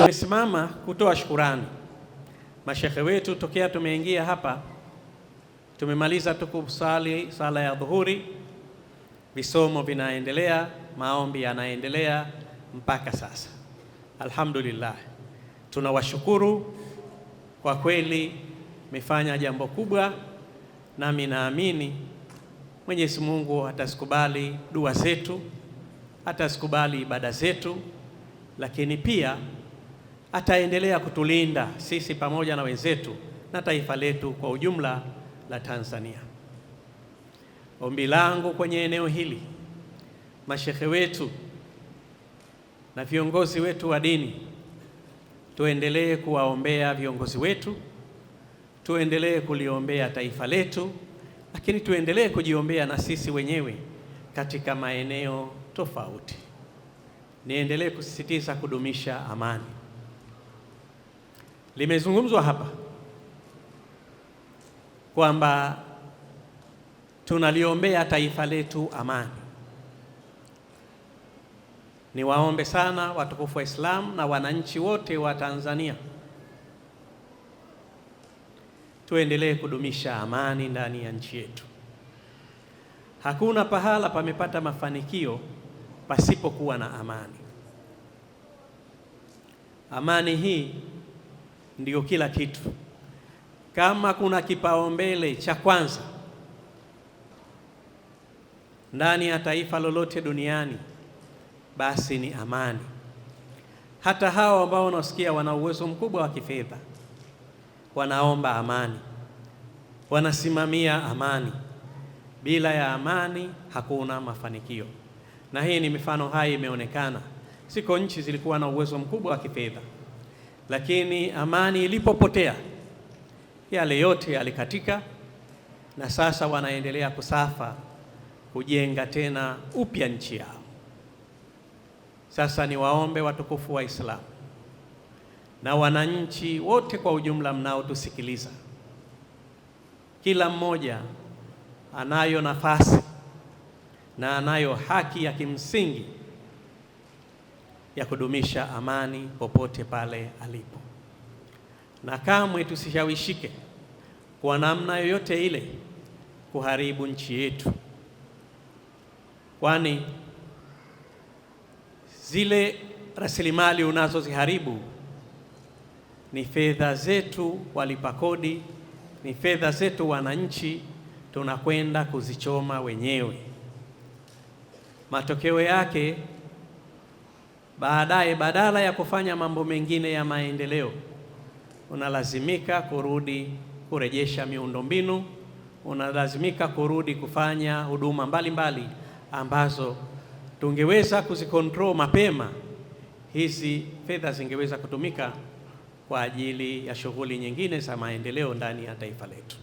Nimesimama kutoa shukurani mashehe wetu tokea tumeingia hapa, tumemaliza tukusali sala ya dhuhuri, visomo vinaendelea, maombi yanaendelea mpaka sasa. Alhamdulillah, tunawashukuru kwa kweli, mefanya jambo kubwa nami naamini Mwenyezi Mungu atasikubali dua zetu, atasikubali ibada zetu, lakini pia ataendelea kutulinda sisi pamoja na wenzetu na taifa letu kwa ujumla la Tanzania. Ombi langu kwenye eneo hili, mashehe wetu na viongozi wetu wa dini, tuendelee kuwaombea viongozi wetu tuendelee kuliombea taifa letu, lakini tuendelee kujiombea na sisi wenyewe katika maeneo tofauti. Niendelee kusisitiza kudumisha amani. Limezungumzwa hapa kwamba tunaliombea taifa letu amani. Niwaombe sana watukufu wa Islam na wananchi wote wa Tanzania tuendelee kudumisha amani ndani ya nchi yetu. Hakuna pahala pamepata mafanikio pasipokuwa na amani. Amani hii ndiyo kila kitu. Kama kuna kipaumbele cha kwanza ndani ya taifa lolote duniani, basi ni amani. Hata hao ambao unasikia wana uwezo mkubwa wa kifedha wanaomba amani, wanasimamia amani. Bila ya amani hakuna mafanikio, na hii ni mifano hai imeonekana. Siko nchi zilikuwa na uwezo mkubwa wa kifedha, lakini amani ilipopotea yale yote yalikatika, na sasa wanaendelea kusafa kujenga tena upya nchi yao. Sasa niwaombe watukufu wa Islamu na wananchi wote kwa ujumla mnaotusikiliza, kila mmoja anayo nafasi na anayo haki ya kimsingi ya kudumisha amani popote pale alipo, na kamwe tusishawishike kwa namna yoyote ile kuharibu nchi yetu, kwani zile rasilimali unazoziharibu ni fedha zetu walipa kodi, ni fedha zetu wananchi, tunakwenda kuzichoma wenyewe. Matokeo yake baadaye, badala ya kufanya mambo mengine ya maendeleo, unalazimika kurudi kurejesha miundombinu, unalazimika kurudi kufanya huduma mbalimbali ambazo tungeweza kuzikontrol mapema, hizi fedha zingeweza kutumika kwa ajili ya shughuli nyingine za maendeleo ndani ya taifa letu.